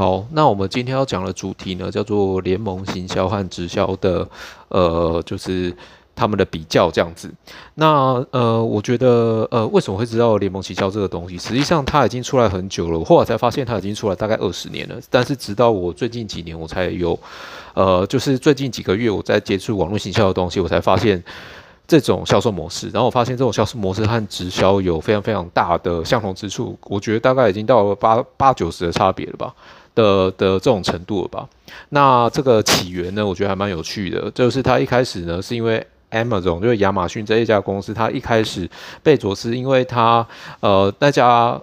好，那我們今天要講的主題呢，叫做聯盟行銷和直銷的，呃，就是他們的比較這樣子。那呃，我覺得呃，為什麼會知道聯盟行銷這個東西？實際上它已經出來很久了，我後來才發現它已經出來大概二十年了。但是直到我最近幾年，我才有，呃，就是最近幾個月我在接觸網絡行銷的東西，我才發現這種銷售模式。然後我發現這種銷售模式和直銷有非常非常大的相同之處，我覺得大概已經到了八八九十的差別了吧。的的這種程度了吧，那這個起源呢，我覺得還蠻有趣的，就是他一開始呢，是因為 Amazon，就是亞馬遜這一家公司，他一開始貝佐斯，因為他呃那家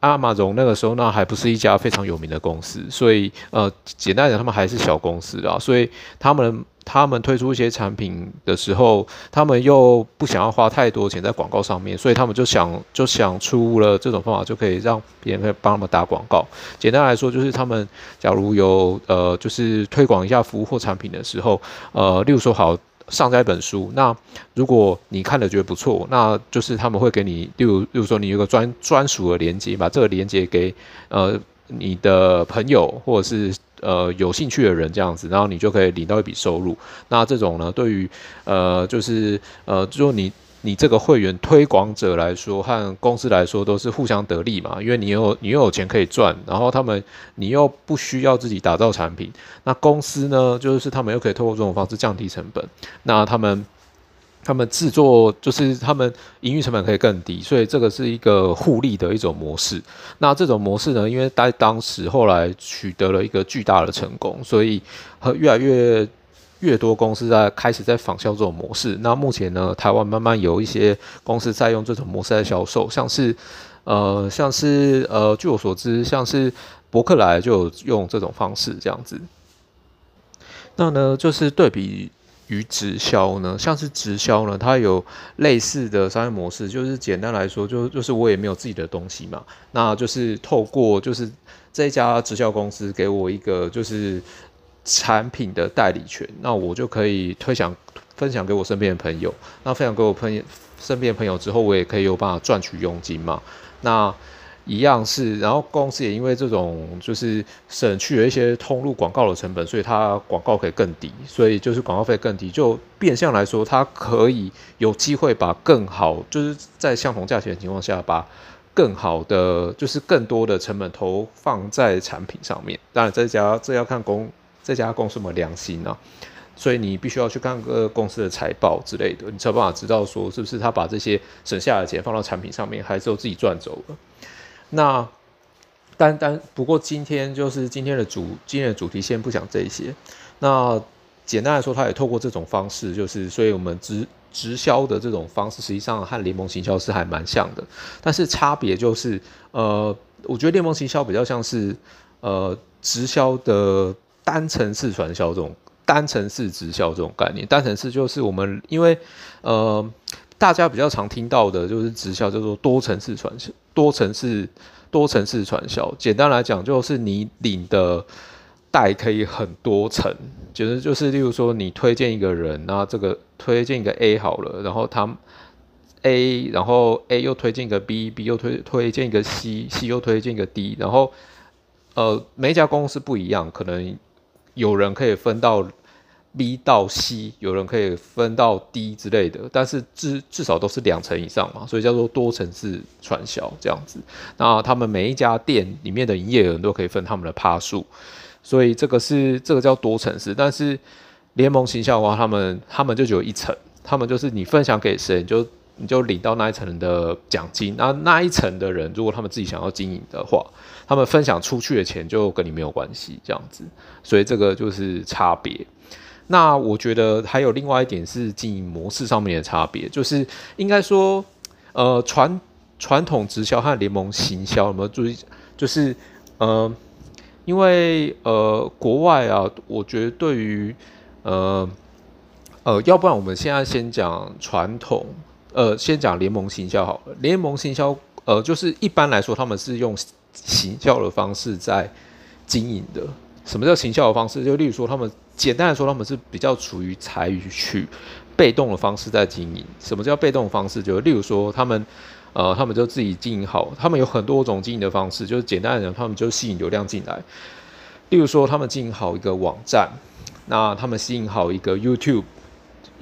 Amazon 那個時候那還不是一家非常有名的公司，所以呃簡單講他們還是小公司啊，所以他們。他們推出一些產品的時候，他們又不想要花太多錢在廣告上面，所以他們就想就想出了這種方法，就可以讓別人可以幫他們打廣告。簡單來說，就是他們假如有呃，就是推廣一下服務或產品的時候，呃，例如說好上這一本書，那如果你看了覺得不錯，那就是他們會給你，例如例如說你有個專專屬的連接，把這個連接給呃你的朋友或者是。呃，有興趣的人這樣子，然後你就可以領到一筆收入。那這種呢，對於呃，就是呃，就你你這個會員推廣者來說，和公司來說都是互相得利嘛。因為你有你又有錢可以賺，然後他們你又不需要自己打造產品。那公司呢，就是他們又可以透過這種方式降低成本。那他們。他們製作，就是他們營運成本可以更低，所以這個是一個互利的一種模式。那這種模式呢，因為在當時後來取得了一個巨大的成功，所以和越來越越多公司在開始在仿效這種模式。那目前呢，台灣慢慢有一些公司在用這種模式在銷售，像是呃，像是呃，據我所知，像是博客來就有用這種方式這樣子。那呢，就是對比。與直銷呢，像是直銷呢，它有類似的商業模式，就是簡單來說，就就是我也沒有自己的東西嘛，那就是透過就是這家直銷公司給我一個就是產品的代理權，那我就可以推享分享給我身邊的朋友，那分享給我朋友身邊的朋友之後，我也可以有辦法賺取佣金嘛，那。一樣是，然後公司也因為這種就是省去了一些通路廣告的成本，所以它廣告可以更低，所以就是廣告費更低，就變相來說，它可以有機會把更好就是在相同價錢的情況下，把更好的就是更多的成本投放在產品上面。當然這，這家這要看公這家公司有沒有良心啊，所以你必須要去看各個公司的財報之類的，你才有辦法知道說是不是他把這些省下的錢放到產品上面，還是都自己賺走了。那單單，但但不過，今天就是今天的主今天的主題，先不講這些。那簡單來說，他也透過這種方式，就是所以我們直直銷的這種方式，實際上和聯盟行銷是還蠻像的。但是差別就是，呃，我覺得聯盟行銷比較像是，呃，直銷的單層次傳銷這種單層次直銷這種概念。單層次就是我們因為呃大家比較常聽到的就是直銷叫做多層次傳銷。多層次、多層次傳銷，簡單來講就是你領的帶可以很多層，其實就是例如說你推薦一個人，那這個推薦一個 A 好了，然後他 A，然後 A 又推薦一個 B，B 又推推薦一個 C，C 又推薦一個 D，然後呃，每一家公司不一樣，可能有人可以分到。B 到 C 有人可以分到 D 之類的，但是至至少都是兩層以上嘛，所以叫做多層次傳銷這樣子。那他們每一家店裡面的營業額都可以分他們的趴數，所以這個是這個叫多層次。但是聯盟行銷的話，他們他們就只有一層，他們就是你分享給誰，就你就領到那一層的獎金。那那一層的人如果他們自己想要經營的話，他們分享出去的錢就跟你沒有關係，這樣子。所以這個就是差別。那我覺得還有另外一點是經營模式上面的差別，就是應該說，呃，傳傳統直銷和聯盟行銷有沒有注意？就是呃，因為呃，國外啊，我覺得對於呃呃，要不然我們現在先講傳統，呃，先講聯盟行銷好了。聯盟行銷，呃，就是一般來說他們是用行銷的方式在經營的。什麼叫行銷的方式？就例如說，他們簡單來說，他們是比較處於採取被動的方式在經營。什麼叫被動的方式？就是、例如說，他們呃，他們就自己經營好。他們有很多種經營的方式，就是簡單來說，他們就吸引流量進來。例如說，他們經營好一個網站，那他們吸引好一個 YouTube、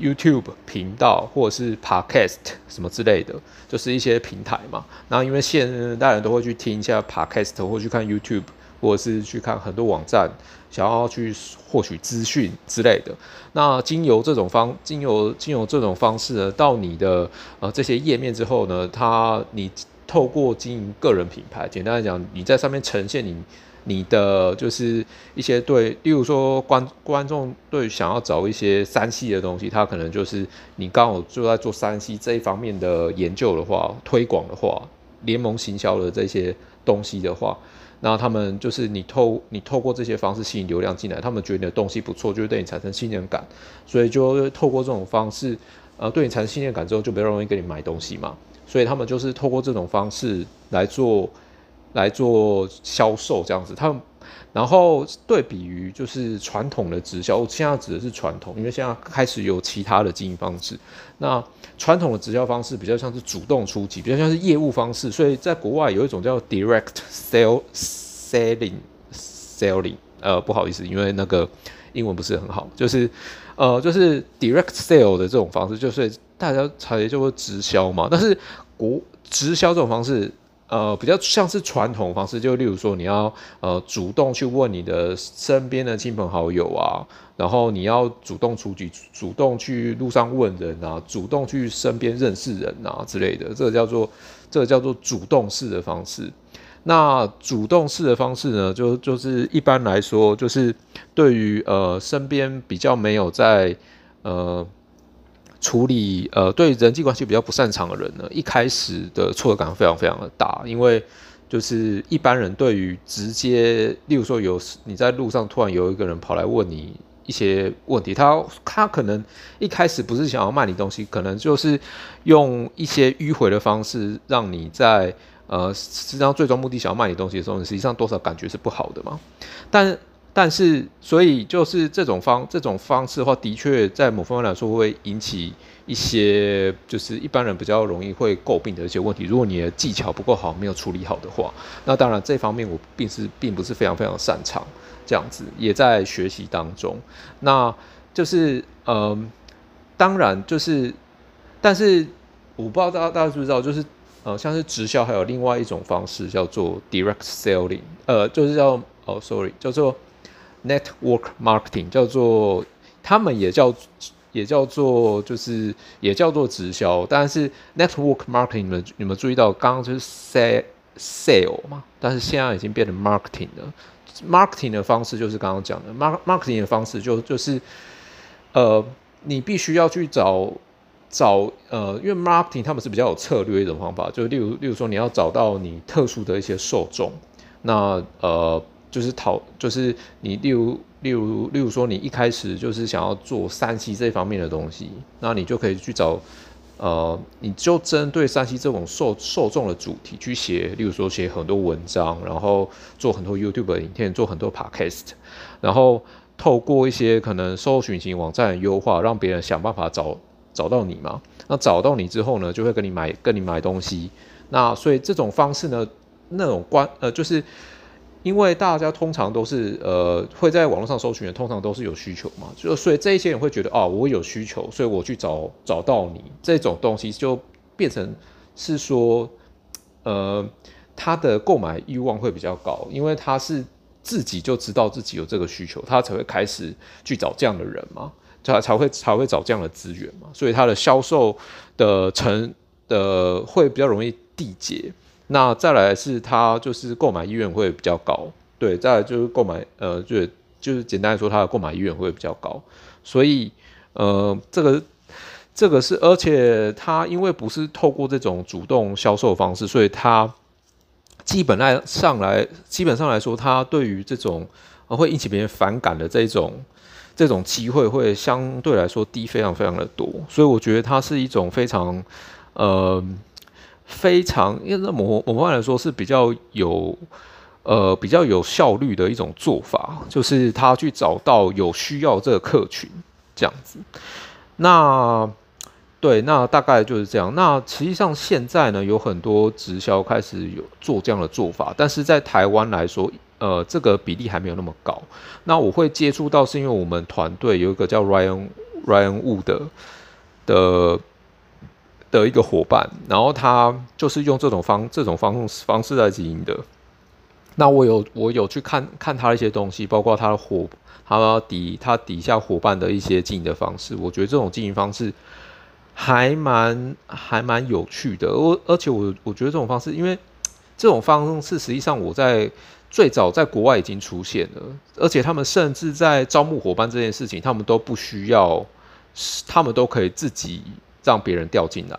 YouTube 頻道或者是 Podcast 什麼之類的，就是一些平台嘛。然後因為現代人都會去聽一下 Podcast 或去看 YouTube。或者是去看很多網站，想要去獲取資訊之類的。那經由這種方，經由經由這種方式呢，到你的呃這些頁面之後呢，它，你透過經營個人品牌，簡單來講，你在上面呈現你你的就是一些對，例如說觀觀眾對想要找一些 3C 的東西，他可能就是你剛好就在做 3C 這一方面的研究的話、推廣的話、聯盟行銷的這些東西的話。那他們就是你透、你透過這些方式吸引流量進來，他們覺得你的東西不錯，就會對你產生信任感，所以就透過這種方式，呃，對你產生信任感之後，就比較容易給你買東西嘛。所以他們就是透過這種方式來做來做銷售這樣子，他們。然後對比於就是傳統的直銷，我現在指的是傳統，因為現在開始有其他的經營方式。那傳統的直銷方式比較像是主動出擊，比較像是業務方式。所以在國外有一種叫 direct sale sell, selling selling，呃，不好意思，因為那個英文不是很好，就是呃，就是 direct sale 的這種方式，就是大家才叫做直銷嘛。但是國直銷這種方式。呃，比較像是傳統方式，就例如說，你要呃主動去問你的身邊的親朋好友啊，然後你要主動出擊，主動去路上問人啊，主動去身邊認識人啊之類的，這個叫做這個叫做主動式的方式。那主動式的方式呢，就就是一般來說，就是對於呃身邊比較沒有在呃。處理呃，對人際關係比較不擅長的人呢，一開始的挫折感非常非常的大，因為就是一般人對於直接，例如說有你在路上突然有一個人跑來問你一些問題，他他可能一開始不是想要賣你東西，可能就是用一些迂回的方式讓你在呃實際上最終目的想要賣你東西的時候，你實際上多少感覺是不好的嘛，但。但是，所以就是這種方這種方式的話，的確在某方面來說會引起一些，就是一般人比較容易會詬病的一些問題。如果你的技巧不夠好，沒有處理好的話，那當然這方面我並是並不是非常非常擅長，這樣子也在學習當中。那就是，嗯、呃，當然就是，但是我不知道大家大家知不知道，就是呃，像是直銷還有另外一種方式叫做 direct selling，呃，就是叫哦，sorry，叫做 Network marketing 叫做，他們也叫，也叫做就是也叫做直銷，但是 Network marketing，你們你們注意到剛剛就是 sell sell 嘛，但是現在已經變成 marketing 了。Marketing 的方式就是剛剛講的，mar Marketing 的方式就就是，呃，你必須要去找找呃，因為 Marketing 他們是比較有策略一種方法，就例如例如說你要找到你特殊的一些受眾，那呃。就是討，就是你，例如，例如，例如說，你一開始就是想要做 3C 這方面的東西，那你就可以去找，呃，你就針對 3C 這種受受眾的主題去寫，例如說寫很多文章，然後做很多 YouTube 的影片，做很多 Podcast，然後透過一些可能搜索引擎網站的優化，讓別人想辦法找找到你嘛。那找到你之後呢，就會跟你買，跟你買東西。那所以這種方式呢，那種關，呃，就是。因為大家通常都是呃會在網絡上搜尋的，通常都是有需求嘛，就所以這些人會覺得啊、哦、我有需求，所以我去找，找到你這種東西就變成是說，呃，他的購買欲望會比較高，因為他是自己就知道自己有這個需求，他才會開始去找這樣的人嘛，才才會才會找這樣的資源嘛，所以他的銷售的成呃會比較容易締結。那再來是他就是購買意願會比較高，對，再來就是購買，呃，就就是簡單來說，他的購買意願會比較高，所以，呃，這個這個是，而且他因為不是透過這種主動銷售方式，所以他基本來上來，基本上來說，他對於這種會引起別人反感的這種這種機會，會相對來說低非常非常的多，所以我覺得他是一種非常，呃。非常，因為在某某方面來說是比較有，呃，比較有效率的一種做法，就是他去找到有需要這個客群這樣子。那，對，那大概就是這樣。那實際上現在呢，有很多直銷開始有做這樣的做法，但是在台灣來說，呃，這個比例還沒有那麼高。那我會接觸到，是因為我們團隊有一個叫 Ryan Ryan Wood 的的。的的一個夥伴，然後他就是用這種方這種方式方式來經營的。那我有我有去看看他的一些東西，包括他的夥、他底、他底下夥伴的一些經營的方式。我覺得這種經營方式還蠻還蠻有趣的。我而且我我覺得這種方式，因為這種方式實際上我在最早在國外已經出現了，而且他們甚至在招募夥伴這件事情，他們都不需要，他們都可以自己。讓別人掉進來，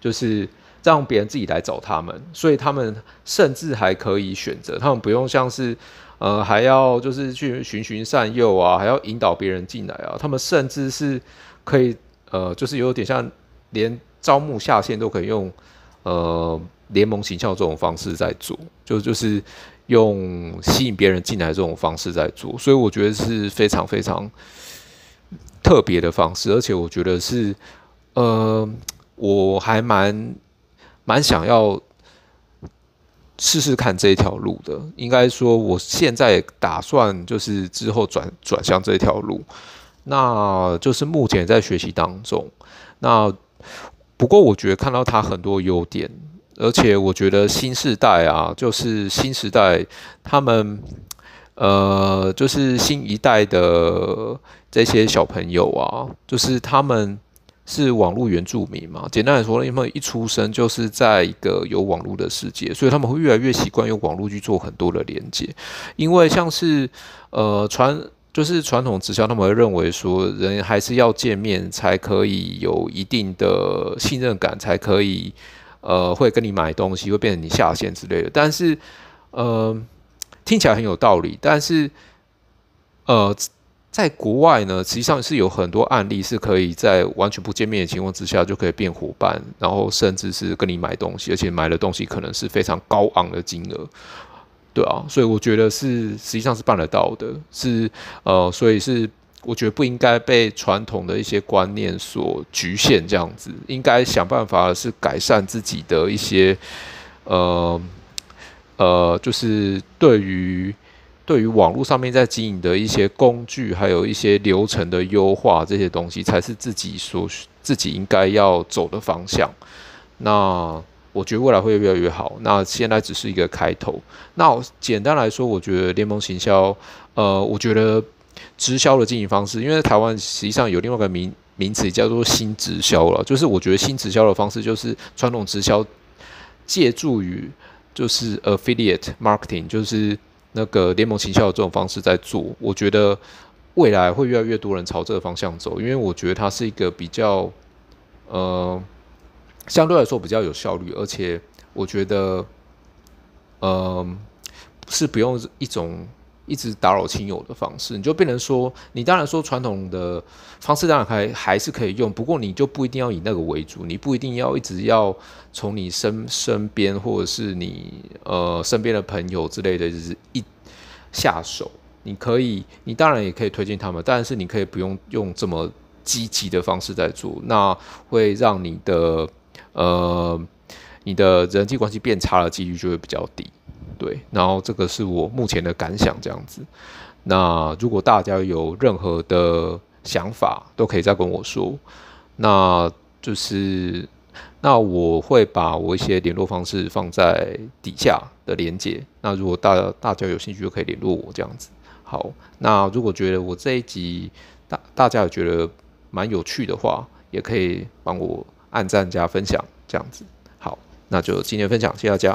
就是讓別人自己來找他們，所以他們甚至還可以選擇，他們不用像是呃還要就是去循循善誘啊，還要引導別人進來啊，他們甚至是可以呃就是有點像連招募下線都可以用呃聯盟行銷這種方式在做，就就是用吸引別人進來這種方式在做，所以我覺得是非常非常特別的方式，而且我覺得是。呃，我還蠻蠻想要試試看這一條路的。應該說，我現在打算就是之後轉轉向這條路，那就是目前在學習當中。那不過，我覺得看到他很多優點，而且我覺得新時代啊，就是新時代他們，呃，就是新一代的這些小朋友啊，就是他們。是網絡原住民嘛，簡單來說，因為一出生就是在一個有網絡的世界，所以他們會越來越習慣用網絡去做很多的連接。因為像是呃傳，就是傳統直銷，他們會認為說，人還是要見面才可以有一定的信任感，才可以呃會跟你買東西，會變成你下線之類的。但是呃聽起來很有道理，但是呃。在國外呢，實際上是有很多案例是可以在完全不見面的情況之下就可以變夥伴，然後甚至是跟你買東西，而且買的東西可能是非常高昂的金額，對啊，所以我覺得是實際上是辦得到的，是呃，所以是我覺得不應該被傳統的一些觀念所侷限，這樣子應該想辦法是改善自己的一些呃呃，就是對於。對於網絡上面在經營的一些工具，還有一些流程的優化，這些東西才是自己所自己應該要走的方向。那我覺得未來會越來越好。那現在只是一個開頭。那簡單來說，我覺得聯盟行銷，呃，我覺得直銷的經營方式，因為台灣實際上有另外一個名名詞叫做新直銷了，就是我覺得新直銷的方式就是傳統直銷借助於就是 affiliate marketing，就是。那個聯盟行銷的這種方式在做，我覺得未來會越來越多人朝這個方向走，因為我覺得它是一個比較，呃，相對來說比較有效率，而且我覺得，呃，是不用一種。一直打擾親友的方式，你就變成說，你當然說傳統的方式當然還還是可以用，不過你就不一定要以那個為主，你不一定要一直要從你身身邊或者是你呃身邊的朋友之類的就是一,一下手，你可以，你當然也可以推薦他們，但是你可以不用用這麼積極的方式在做，那會讓你的呃你的人際關係變差的幾率就會比較低。對，然後這個是我目前的感想，這樣子。那如果大家有任何的想法，都可以再跟我說。那就是，那我會把我一些聯絡方式放在底下的連接。那如果大家大家有興趣，就可以聯絡我，這樣子。好，那如果覺得我這一集大大家也覺得蠻有趣的話，也可以幫我按讚加分享，這樣子。好，那就今天分享，謝謝大家。